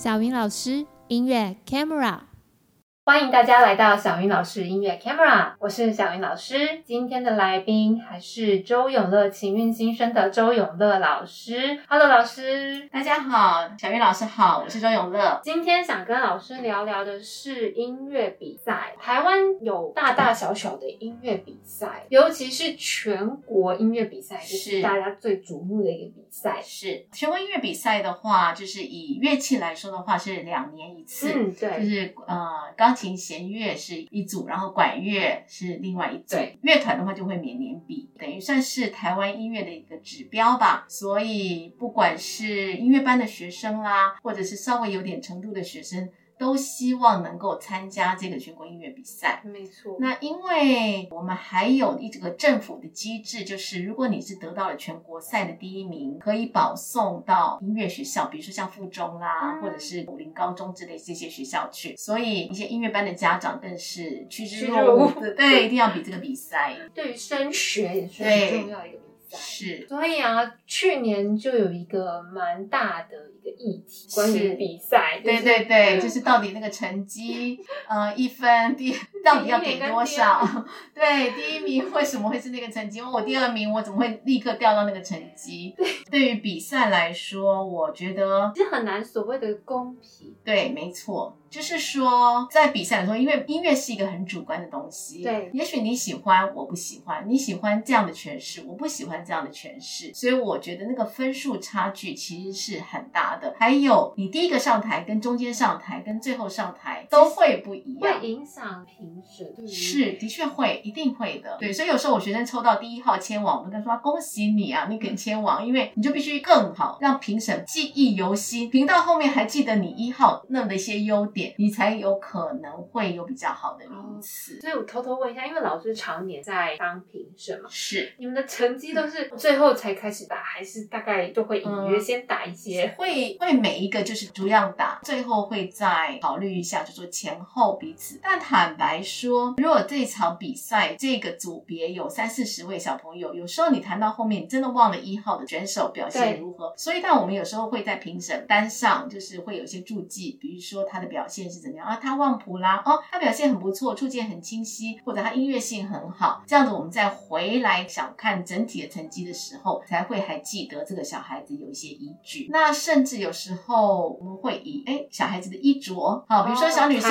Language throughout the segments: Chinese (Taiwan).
小芸老師，音樂，開麥拉。歡迎大家來到小芸老師音樂開麥拉，我是小芸老師。今天的來賓還是周永樂，琴韻心聲的周永樂老師。Hello，老師，大家好，小芸老師好，我是周永樂。今天想跟老師聊聊的是音樂比賽。台灣有大大小小的音樂比賽，尤其是全國音樂比賽，就是大家最矚目的一個比賽。是，是全國音樂比賽的話，就是以樂器來說的話，是兩年一次。嗯，對，就是呃剛。琴弦樂是一組，然後管樂是另外一組。樂團的話就會每年比，等於算是台灣音樂的一個指標吧。所以不管是音樂班的學生啦，啊，或者是稍微有點程度的學生。都希望能夠參加這個全國音樂比賽，沒錯。那因為我們還有一整個政府的機制，就是如果你是得到了全國賽的第一名，可以保送到音樂學校，比如說像附中啊，嗯、或者是武陵高中之類這些學校去。所以一些音樂班的家長更是趨之若鶩，辱對，一定要比這個比賽，對於升學也是很重要一個比賽。是，所以啊，去年就有一個蠻大的一個議題，是關於比賽。對對對，對就是到底那個成績，嗯對，呃、一分第。 到底 要給多少？對，第一名為什麼會是那個成績？我第二名，我怎麼會立刻掉到那個成績？對於比賽來說，我覺得其實很難所謂的公平。對，沒錯，就是說在比賽的時候，因為音樂是一個很主觀的東西。對，也許你喜歡，我不喜歡；你喜歡這樣的詮釋，我不喜歡這樣的詮釋。所以我覺得那個分數差距其實是很大的。還有，你第一個上台，跟中間上台，跟最後上台都會不一樣，會影響評。是的確會，一定會的。對，所以有時候我學生抽到第一號籤王，我跟他說、啊、恭喜你啊，你肯籤王，因為你就必須更好，讓評審記憶猶新，評到後面還記得你一號那麼的一些優點，你才有可能會有比較好的名次、嗯。所以我偷偷問一下，因為老師常年在當評審嘛，是你們的成績都是最後才開始打，還是大概就會隱約先打一些、嗯？會，會每一個就是逐樣打，最後會再考慮一下，就說前後彼此。但坦白說，如果這場比賽這個組別有三四十位小朋友，有時候你談到後面，你真的忘了一號的選手表現如何。對所以，但我們有時候會在評審單上，就是會有一些注記，比如說他的表現是怎麼樣啊，他忘譜啦哦，他表現很不錯，觸鍵很清晰，或者他音樂性很好。這樣子，我們再回來想看整體的成績的時候，才會還記得這個小孩子有一些依據。那甚至有時候我們會以哎小孩子的衣着，好、啊，比如說小女生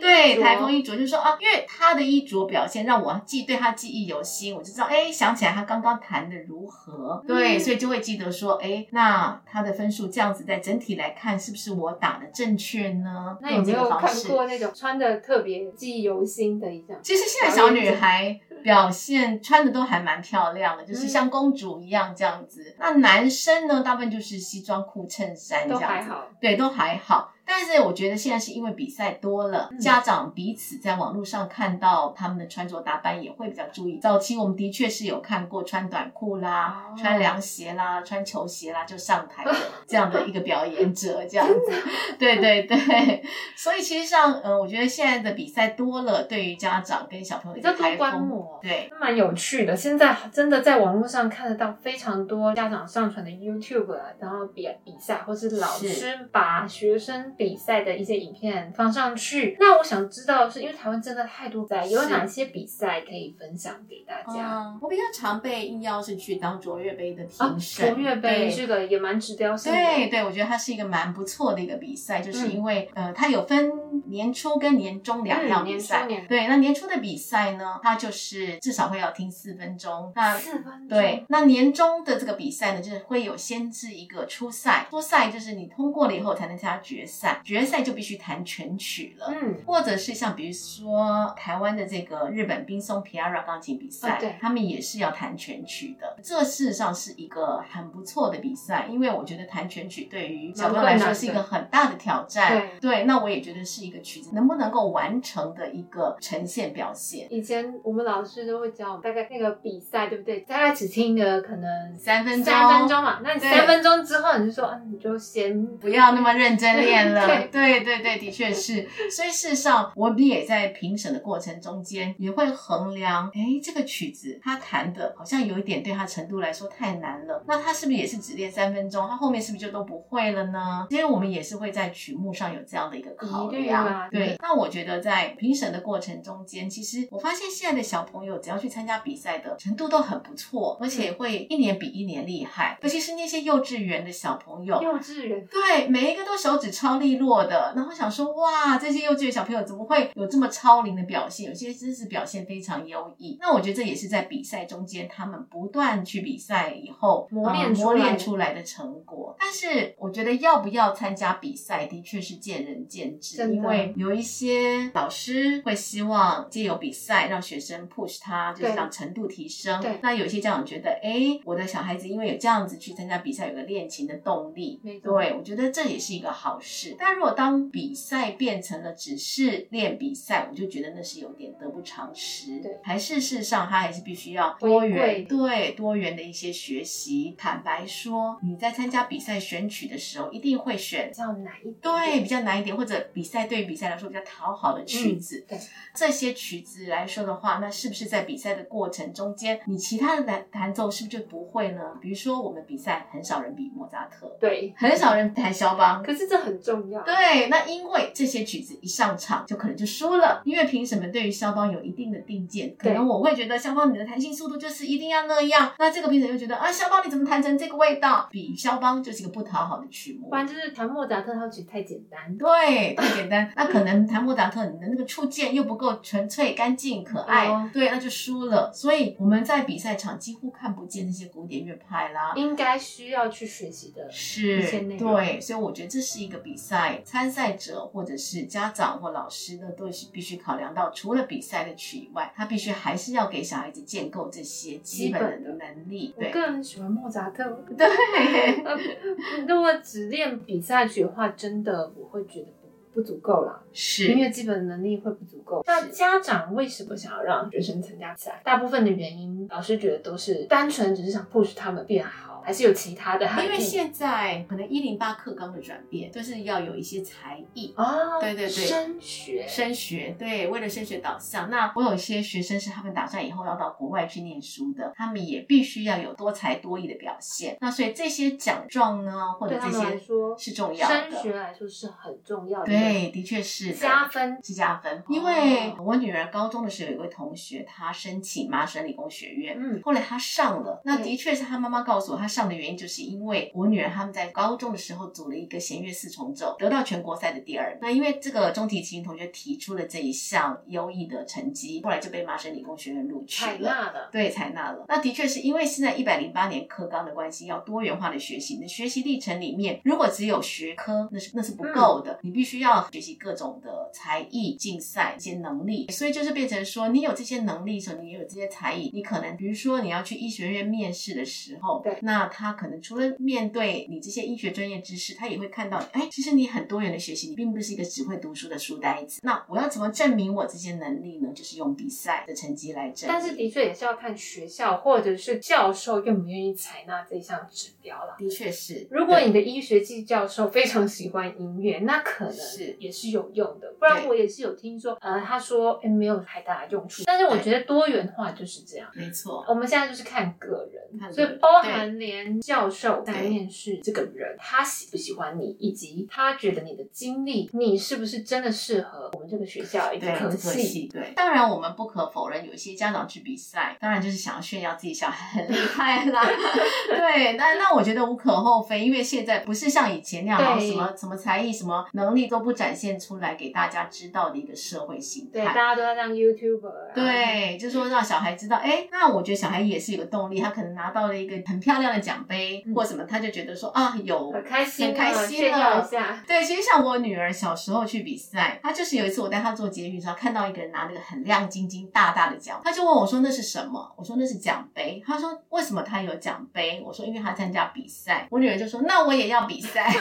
對、哦、台風衣着，就是說。啊，因為他的衣着表現讓我記，對他記憶猶新，我就知道，哎，想起來他剛剛彈的如何？對，嗯、所以就會記得說，哎，那他的分數這樣子，在整體來看，是不是我打的正確呢？這個方式。那有沒有看過那種穿的特別記憶猶新的一種？一樣其實現在小女孩表現穿的都還蠻漂亮的，就是像公主一樣這樣子。嗯、那男生呢，大部分就是西裝褲、襯衫這樣子，還好對，都還好。但是我覺得現在是因為比賽多了，家長彼此在網絡上看到他們的穿着打扮也會比較注意。早期我們的確是有看過穿短褲啦、oh. 穿涼鞋啦、穿球鞋啦就上台的這樣的一個表演者，這樣子， 的對，對對對。所以其實上嗯、呃，我覺得現在的比賽多了，對於家長跟小朋友比較多觀摩，對，蠻有趣的。現在真的在網絡上看得到非常多家長上傳的 YouTube，然後比比賽或是老師把學生，比賽的一些影片放上去，那我想知道，是因為台灣真的太多賽，是有哪些比賽可以分享給大家？嗯、我比較常被應邀是去當卓越杯的評審，卓越、啊、杯對對這個也蠻指標性的。對，對我覺得它是一個蠻不錯的一個比賽，就是因為、嗯、呃，它有分年初跟年終兩樣比賽。嗯、年初年對，那年初的比賽呢，它就是至少會要聽四分鐘。那四分是對。說那年終的這個比賽呢，就是會有先置一個初賽，初賽就是你通過了以後才能參加決賽。決賽就必須彈全曲了，嗯，或者是像比如說台灣的這個日本冰松皮亞拉鋼琴比賽，哦、對，他們也是要彈全曲的。這事實上是一個很不錯的比賽，因為我覺得彈全曲對於小朋友來說是一個很大的挑戰。對，對，那我也覺得是一個曲子能不能夠完成的一個呈現表現。以前我們老師都會教我大概那個比賽對不對？大概只聽一個可能三分鐘，三分鐘嘛。那三分鐘之後，你就說，對啊、你就先不，不要那麼認真練了。 對對對對，的確是。所以事實上，我們也在評審的過程中間也會衡量，哎，這個曲子他彈得，好像有一點對他程度來說太難了。那他是不是也是只練三分鐘？他後面是不是就都不會了呢？因為我們也是會在曲目上有這樣的一個考量。嗯。對啊，對，嗯。那我覺得在評審的過程中間，其實我發現現在的小朋友只要去參加比賽的程度都很不錯，而且會一年比一年厲害。尤其是那些幼稚園的小朋友，幼稚園。對，每一個都手指超練。利落的，然後想說，哇，這些幼稚園小朋友怎麼會有這麼超齡的表現？有些真是表現非常優異。那我覺得這也是在比賽中間，他們不斷去比賽以後磨、嗯、練磨練出來的成果。但是我覺得要不要參加比賽，的確是見仁見智。的因為有一些老師會希望借由比賽讓學生 push 他，就是讓程度提升。對對，那有一些家長覺得，哎，我的小孩子因為有這樣子去參加比賽，有個練琴的動力。對，對，對，我覺得這也是一個好事。但如果當比賽變成了只是練比賽，我就覺得那是有點得不償失。對，還是事實上他還是必須要多元，對，對多元的一些學習。坦白說，你在參加比賽選曲的時候，一定會選比較難一點，對，比較難一點，或者比賽對比賽來說比較討好的曲子。嗯、對，這些曲子來說的話，那是不是在比賽的過程中間，你其他的彈彈奏是不是就不會呢？比如說我們比賽很少人比莫扎特，對，很少人比肖邦。可是這很重要。對，那因為這些曲子一上場就可能就輸了，因為評審們對於肖邦有一定的定見，對可能我會覺得肖邦你的彈性速度就是一定要那樣，那這個評審就覺得啊肖邦你怎麼彈成這個味道？比肖邦就是一個不討好的曲目，不然就是彈莫扎特套曲太簡單，對，太簡單， 那可能彈莫扎特你的那個觸鍵又不夠純粹、乾淨、可愛，哦、對，那就輸了。所以我們在比賽場幾乎看不見那些古典樂派啦，應該需要去學習的，是，對，所以我覺得這是一個比賽。在參賽者或者是家長或老師呢，都是必須考量到，除了比賽的曲以外，他必須還是要給小孩子建構這些基本的能力。本對我個人很喜歡莫扎特。對， 如果只練比賽曲的話，真的我會覺得不不足夠了，是，音樂基本的能力會不足夠。是那家長為什麼想要讓學生參加比賽？大部分的原因，老師覺得都是單純只是想迫使他們變好。還是有其他的，因為現在可能一零八課綱的轉變，就是要有一些才藝啊，對對對，升學升學，對，為了升學導向，那我有一些學生是他們打算以後要到國外去念書的，他們也必須要有多才多藝的表現。那所以這些獎狀呢，或者這些說是重要的，升學來說是很重要的，對，加分，的確是加分，是加分。因為我女兒高中的時候，有一位同學，她申請麻省理工學院，嗯，後來她上了，那的確是她媽媽告訴我，她。上的原因就是因為我女兒她們在高中的時候組了一個弦樂四重奏，得到全國賽的第二。那因為這個中提琴同學提出了這一項優異的成績，後來就被麻省理工學院錄取了。採納了。對，採納了。那的確是因為現在一百零八年課綱的關係，要多元化的學習。那學習歷程裡面，如果只有學科，那是那是不夠的。嗯、你必須要學習各種的才藝、競賽一些能力。所以就是變成說，你有這些能力的時候，你有這些才藝，你可能比如說你要去醫學院面試的時候，對那。他可能除了面對你這些醫學專業知識，他也會看到，哎，其實你很多元的學習，你並不是一個只會讀書的書呆子。那我要怎麼證明我這些能力呢？就是用比賽的成績來證。但是的確也是要看學校或者是教授願不願意採納這一項指標了。的確實是，如果你的醫學系教授非常喜歡音樂，那可能是也是有用的。不然我也是有聽說，呃，他說，誒，沒有太大的用處。但是我覺得多元化就是這樣，沒錯對。我們現在就是看個人，嗯、所以包含你對。教授在面試這個人，欸、他喜不喜歡你，以及他覺得你的經歷，你是不是真的適合我們這個學校？一個對可信。對，當然我們不可否認，有一些家長去比賽，當然就是想要炫耀自己小孩很厲害啦。 對，那那我覺得無可厚非，因為現在不是像以前那樣，對什麼什麼才藝、什麼能力都不展現出來給大家知道的一個社會形態。對，大家都在上 YouTuber、啊。對，就說讓小孩知道，哎、欸，那我覺得小孩也是有個動力，他可能拿到了一個很漂亮的。獎杯或什麼，他就覺得說啊，有很開心，很開心了。心了對，其實像我女兒小時候去比賽，她就是有一次我帶她坐捷運的時候，看到一個人拿那個很亮晶晶、大大的獎，他就問我說那是什麼？我說那是獎杯。他說為什麼他有獎杯？我說因為他參加比賽。我女兒就說那我也要比賽。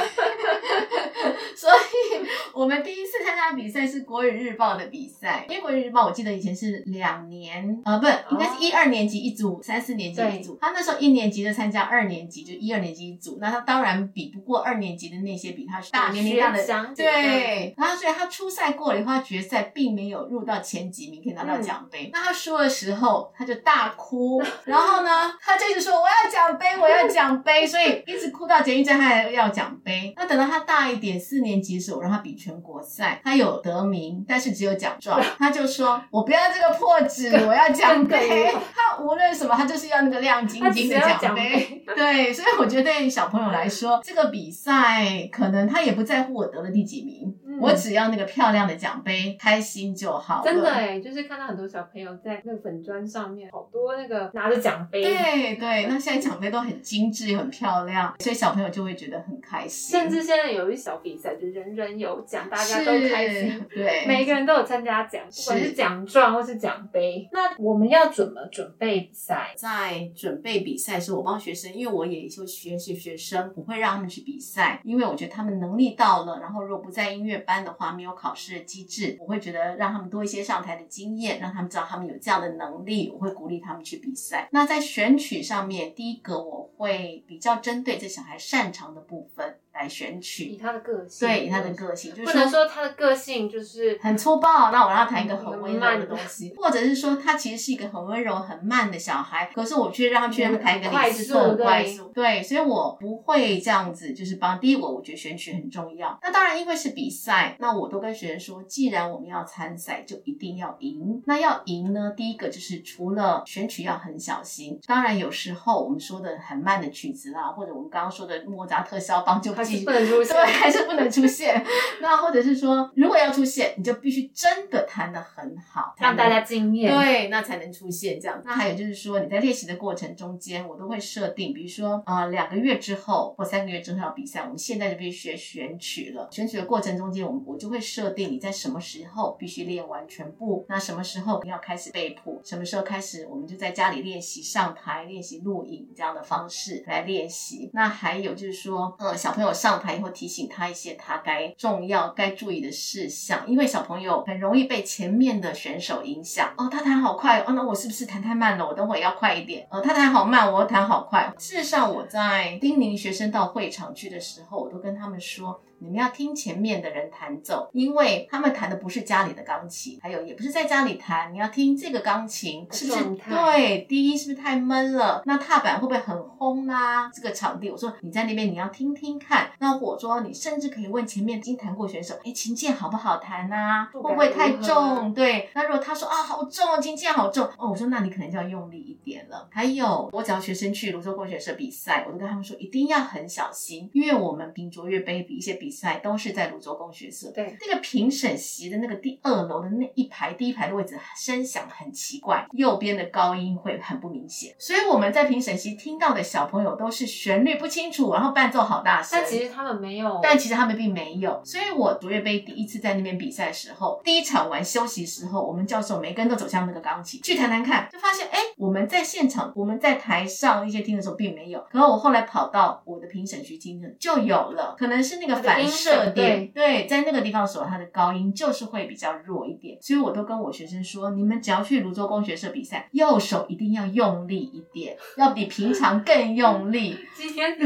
所以我們第一次參加比賽是《國語日報》的比賽，因為《國語日報》，我記得以前是兩年呃、啊，不，應該是一、哦、二年級一組，三四年級一組。他對那時候一年級的參加。二年級就一二年級一組，那他當然比不過二年級的那些比他大，大年齡大的，對。然後所以他初賽過了以後，他決賽並沒有入到前幾名，可以拿到獎杯。嗯、那他輸的時候，他就大哭，然後呢，他就一直說我要獎杯，我要獎杯，嗯、所以一直哭到監獄戰，他還要獎杯。嗯、那等到他大一點，四年級的時候我讓他比全國賽，他有得名，但是只有獎狀，嗯、他就說我不要這個破紙，哥我要獎杯。嗯他無論什麼，他就是要那個亮晶晶的獎杯。獎杯。對，所以我覺得對小朋友來說， 這個比賽可能他也不在乎我得了第幾名。我只要那個漂亮的獎杯，開心就好。真的哎、欸，就是看到很多小朋友在那個粉專上面，好多那個拿着獎杯。對對。那現在獎杯都很精緻也很漂亮，所以小朋友就會覺得很開心。甚至現在有一些比賽，就人人有獎，大家都開心。對，每一個人都有參加獎，不管是獎狀或是獎杯。是那我們要怎麼準備比賽？在準備比賽的時候，我幫學生，因為我也就學習學生，不會讓他們去比賽，因為我覺得他們能力到了，然後如果不在音樂班。班的話沒有考試的機制，我會覺得讓他們多一些上台的經驗，讓他們知道他們有這樣的能力，我會鼓勵他們去比賽。那在選曲上面，第一個我會比較針對這小孩擅長的部分。來選曲以他的個性，對，以他的個性，就是不能說他的個性就是很粗暴。那我讓他彈一個很溫柔的東西，能或者是說 他其實是一個很溫柔、很慢的小孩，可是我卻讓他去彈一個快速、快速。對，所以我不會這樣子，就是幫。第一，我我覺得選曲很重要。那當然，因為是比賽，那我都跟學生說，既然我們要參賽，就一定要贏。那要贏呢，第一個就是除了選曲要很小心，當然有時候我們說的很慢的曲子啦，或者我們剛剛說的莫扎特、肖邦就。不能出現， 對，還是不能出現。 那或者是說，如果要出現，你就必須真的彈得很好，讓大家驚豔，對，那才能出現這樣。那還有就是說，你在練習的過程中間，我都會設定，比如說呃兩個月之後或三個月之後要比賽，我們現在就必須學選曲了。選曲的過程中間，我們我就會設定你在什麼時候必須練完全部，那什麼時候你要開始背譜，什麼時候開始，我們就在家裡練習，上台練習錄影這樣的方式來練習。那還有就是說，呃小朋友。上台以後提醒他一些他該重要、該注意的事項，因為小朋友很容易被前面的選手影響。哦，他彈好快哦，那我是不是彈太慢了？我等會要快一點。哦，他彈好慢，我要彈好快。事實上，我在叮嚀學生到會場去的時候，我都跟他們說。你們要聽前面的人彈奏，因為他們彈的不是家裡的鋼琴，還有也不是在家裡彈。你要聽這個鋼琴是不是？對，低音是不是太悶了？那踏板會不會很轟啊？這個場地，我說你在那邊你要聽聽看。那我說你甚至可以問前面已經彈過選手，哎，琴鍵好不好彈啊？會不會太重？對，那如果他說啊好重琴鍵好重哦，我說那你可能就要用力一點了。還有，我只要學生去蘆洲功學社比賽，我都跟他們說一定要很小心，因為我們品卓越杯比一些比。比賽都是在蘆洲功學社，對，那個評審席的那個第二樓的那一排第一排的位置，聲響很奇怪，右邊的高音會很不明顯。所以我們在評審席聽到的小朋友都是旋律不清楚，然後伴奏好大聲。但其實他們沒有，但其實他們並沒有。所以，我卓越杯第一次在那邊比賽的時候，第一場完休息的時候，我們教授沒跟都走向那個鋼琴去彈彈看，就發現，哎，我們在現場，我們在台上一些聽的時候並沒有，可我後來我跑到我的評審席聽，就有了，可能是那個反設定。對，對，在那個地方的時候，他的高音就是會比較弱一點。所以我都跟我學生說，你們只要去蘆洲功學社比賽，右手一定要用力一點，要比平常更用力。今天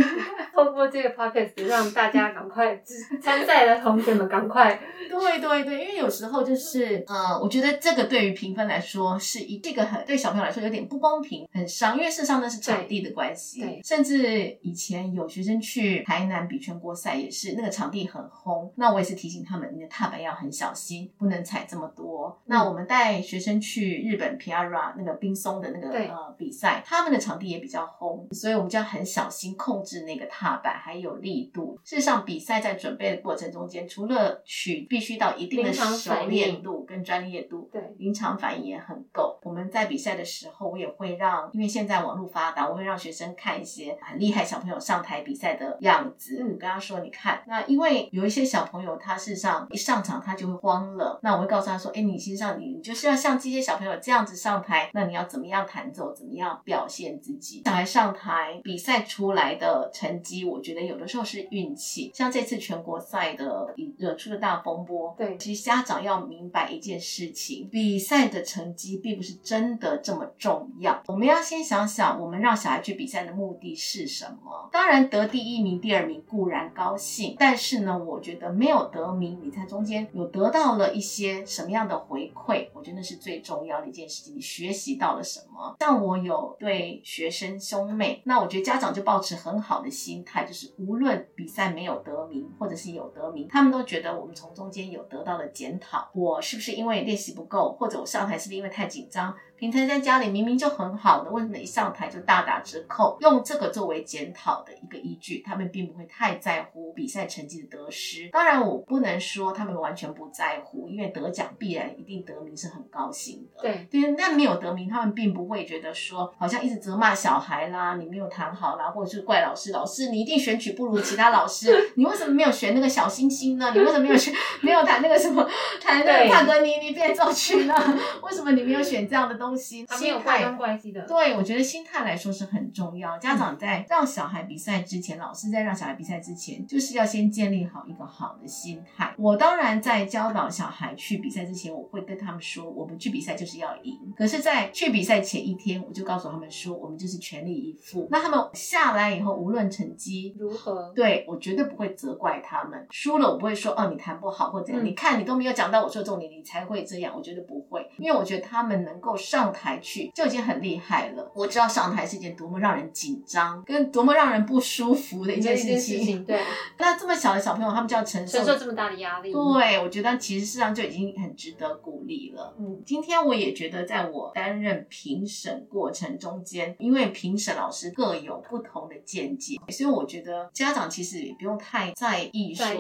透過這個 podcast 讓大家趕快 參賽的同學們趕快。對對對，因為有時候就是，呃我覺得這個對於評分來說是一，這個很對小朋友來說有點不公平，很傷。因為事實上那是場地的關係，對。對，甚至以前有學生去台南比全國賽也是那個。場地很轟，那我也是提醒他們，你的踏板要很小心，不能踩這麼多。那我們帶學生去日本 PIARA 那個冰松的那個對呃比賽，他們的場地也比較轟，所以我們就要很小心控制那個踏板還有力度。事實上，比賽在準備的過程中間，除了曲必須到一定的熟練度跟專業度，對，臨場反應也很夠。我們在比賽的時候，我也會讓，因為現在網絡發達，我會讓學生看一些很厲害小朋友上台比賽的樣子。嗯，跟他說，你看那。因為有一些小朋友，他事實上一上場他就會慌了。那我會告訴他說：“哎，你先上，你你就是要像這些小朋友這樣子上台，那你要怎麼樣彈奏，怎麼樣表現自己？小孩上台比賽出來的成績，我覺得有的時候是運氣。像這次全國賽的惹出了大風波，對，其實家長要明白一件事情：比賽的成績並不是真的這麼重要。我們要先想想，我們讓小孩去比賽的目的是什麼？當然得第一名、第二名固然高興，但。但是呢，我覺得沒有得名，你在中間有得到了一些什麼樣的回饋？我覺得那是最重要的一件事情，你學習到了什麼？像我有對學生兄妹，那我覺得家長就抱持很好的心態，就是無論比賽沒有得名，或者是有得名，他們都覺得我們從中間有得到了檢討，我是不是因為練習不夠，或者我上台是不是因為太緊張？平常在家裡明明就很好的，為什麼一上台就大打折扣？用這個作為檢討的一個依據，他們並不會太在乎比賽成績的得失。當然，我不能說他們完全不在乎，因為得獎必然一定得名是很高興的。對,對，但是那沒有得名，他們並不會覺得說好像一直責罵小孩啦，你沒有彈好啦，或者是怪老師，老師你一定選曲不如其他老師，你為什麼沒有選那個小星星呢？你為什麼沒有選沒有彈那個什麼彈那個帕格尼尼變奏曲呢？對為什麼你沒有選這樣的東西？心心態關係的，對我覺得心態來說是很重要。家長在讓小孩比賽之前，嗯、老師在讓小孩比賽之前，就是要先建立好一個好的心態。我當然在教導小孩去比賽之前，我會跟他們說，我們去比賽就是要贏。可是，在去比賽前一天，我就告訴他們說，我們就是全力以赴。那他們下來以後，無論成績如何，對我絕對不會責怪他們，輸了我不會說哦，你彈不好或者，嗯、你看你都沒有講到我說重點，你才會這樣。我覺得不會，因為我覺得他們能夠上。上台去就已經很厲害了。我知道上台是一件多麼讓人緊張、跟多麼讓人不舒服的一件事情。嗯、對，對啊、那這麼小的小朋友，他們就要承受承受這麼大的壓力。對，我覺得其實事實上就已經很值得鼓勵了。嗯，今天我也覺得，在我擔任評審過程中間，因為評審老師各有不同的見解，所以我覺得家長其實也不用太在意說在意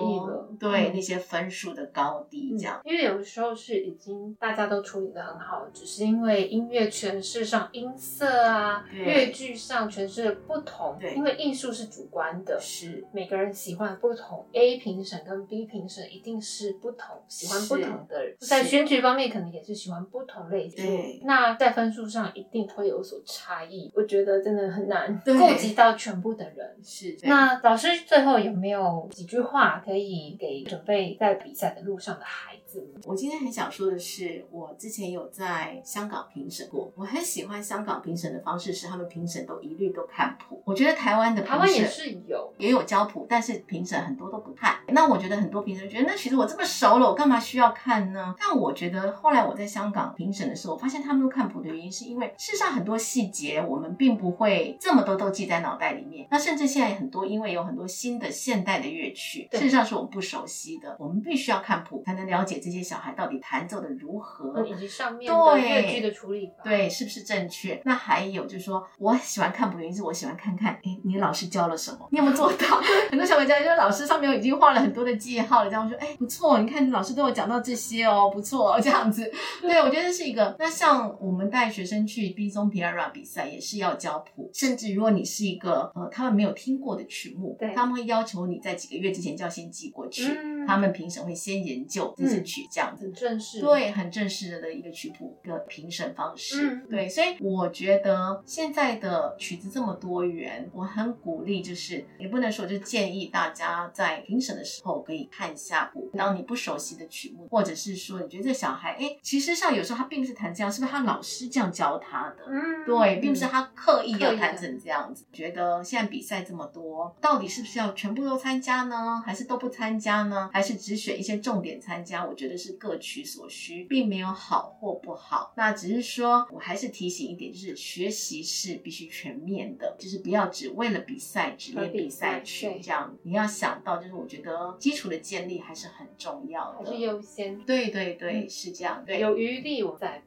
對、嗯、那些分數的高低這樣，嗯、因為有的時候是已經大家都處理的很好，只是因為。音樂詮釋上音色啊，嗯、樂句上詮釋不同，嗯、因為藝術是主觀的，是每個人喜歡不同。A 評審跟 B 評審一定是不同，喜歡不同的，人。是在選曲方面可能也是喜歡不同類型。嗯、那在分數上一定會有所差異，我覺得真的很難顧及到全部的人。嗯、是，嗯、那老師最後有沒有幾句話可以給準備在比賽的路上的孩子？我今天很想說的是，我之前有在香港評審過，我很喜歡香港評審的方式是，他們評審都一律都看譜。我覺得台灣的評審台灣也是有也有交譜，但是評審很多都不看。那我覺得很多評審覺得，那其實我這麼熟了，我幹嘛需要看呢？但我覺得後來我在香港評審的時候，我發現他們都看譜的原因是因為事實上很多細節我們並不會這麼多都記在腦袋裡面。那甚至現在很多因為有很多新的現代的樂曲，事實上是我們不熟悉的，我們必須要看譜才能了解。這些小孩到底彈奏的如何，以及上面的樂句對的處理，對，是不是正確？那還有就是說，我很喜歡看譜的原因是我喜歡看看，哎，你老師教了什麼？你有沒有做到？ 很多小朋友家裡就是老師上面已經畫了很多的記號了，這樣我說，哎，不錯，你看你老師都有講到這些哦，不錯，這樣子。對，我覺得是一個。那像我們帶學生去 b i s o n p i a r a 比賽，也是要教譜，甚至如果你是一個呃他們沒有聽過的曲目，對他們會要求你在幾個月之前就要先寄過去。嗯他們評審會先研究這些曲，這樣子，正式，對，很正式的一個曲譜的評審方式，對，所以我覺得現在的曲子這麼多元，我很鼓勵，就是也不能說就建議大家在評審的時候可以看一下譜，當你不熟悉的曲目，或者是說你覺得這小孩，哎，其實像有時候他並不是彈這樣，是不是他老師這樣教他的？嗯，對，並不是他刻意要彈成這樣子。覺得現在比賽這麼多，到底是不是要全部都參加呢？還是都不參加呢？還是只選一些重點參加，我覺得是各取所需，並沒有好或不好。那只是說，我還是提醒一點，就是學習是必須全面的，就是不要只為了比賽只練比賽去這樣。你要想到，就是我覺得基礎的建立還是很重要的，還是優先。對對對，嗯、是這樣，對。有餘力我再。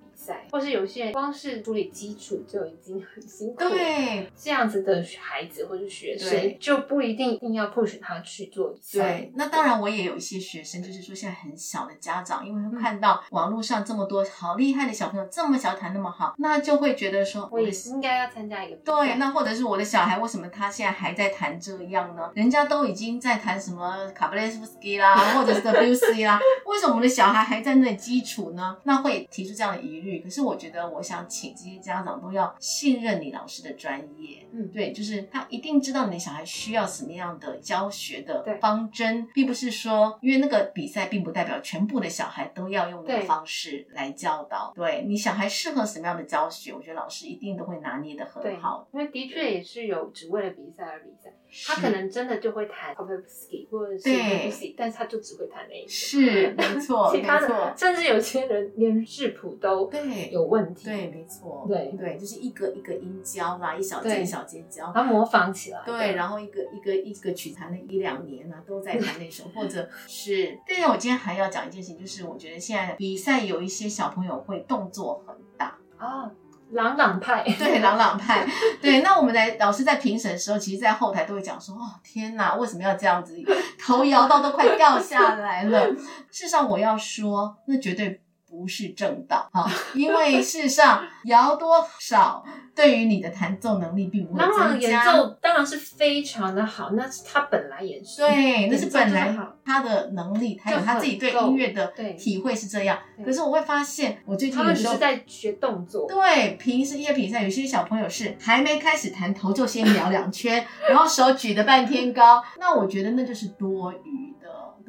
或是有些人光是處理基礎就已經很辛苦了，對這樣子的孩子或者學生就不一定一定要 push 他去做。對，那當然我也有一些學生，就是說現在很小的家長，因為看到網絡上這麼多好厲害的小朋友，這麼小彈那麼好，那就會覺得說，我也是應該要參加一個。對，那或者是我的小孩，為什麼他現在還在彈這樣呢？人家都已經在彈什麼卡巴列夫斯基啦，或者是德布西啦， 為什麼我們的小孩還在那基礎呢？那會提出這樣的疑慮。可是我覺得，我想請這些家長都要信任你老師的專業。嗯，對，就是他一定知道你的小孩需要什麼樣的教學的方針，對並不是說，因為那個比賽並不代表全部的小孩都要用那個方式來教導。對，對你小孩適合什麼樣的教學，我覺得老師一定都會拿捏的很好。因為的確也是有只為了比賽而比賽，是他可能真的就會彈 Popovsky 或者是 Popsky 對但是他就只會彈那一次是沒錯， 其他的錯甚至有些人連視譜都。對，有問題。對，沒錯。對，對，就是一個一個音教啦，一小節一小節教。他模仿起來。對，然後一個一個一個曲彈了一兩年啦，都在彈那首，或者是。對，我今天還要講一件事情，就是我覺得現在比賽有一些小朋友會動作很大啊，朗朗派。對，朗朗派。對，那我們來，老師在評審的時候，其實，在後台都會講說：“哦，天哪，為什麼要這樣子？頭搖到都快掉下來了。”事實上，我要說，那絕對。不是正道啊，因為事實上搖多少，對於你的彈奏能力並不會增加。老演奏當然是非常的好，那是他本來也是對，是那是本來他的能力，他有他自己對音樂的體會是這樣。可是我會發現，我最近有時候他們是在學動作。對，平時音樂比賽有些小朋友是還沒開始彈頭就先瞄兩圈， 然後手舉的半天高，那我覺得那就是多餘。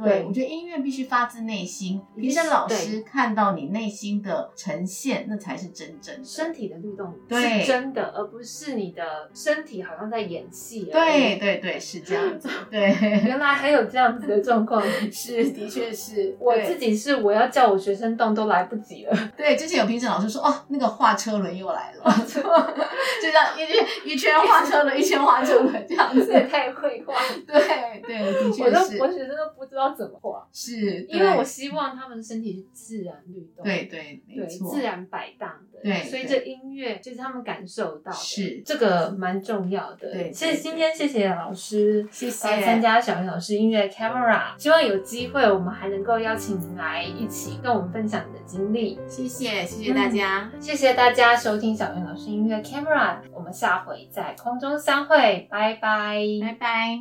對，我覺得音樂必須發自內心。評審老師看到你內心的呈現，那才是真正的身體的律動，是真的，而不是你的身體好像在演戲。對對對，是這樣子。對，原來還有這樣子的狀況，是的確是我自己是，我要叫我學生動都來不及了。對，之前有評審老師說，哦，那個畫車輪又來了，沒錯，就像一圈一圈畫車輪，一圈畫車輪這樣子，太會畫。對對，的確是我學生都不知道。怎麼畫？是因為我希望他們的身體是自然律動的。對，對對，對，自然擺盪的。對對，所以這音樂，就是他們感受到，是這個蠻重要的。是對，所以今天謝謝老師，謝謝來參加小芸老師音樂 Camera。希望有機會，我們還能夠邀請您來一起跟我們分享你的經歷。謝謝，謝謝大家，嗯、謝謝大家收聽小芸老師音樂 Camera。我們下回在空中相會，拜拜，拜拜。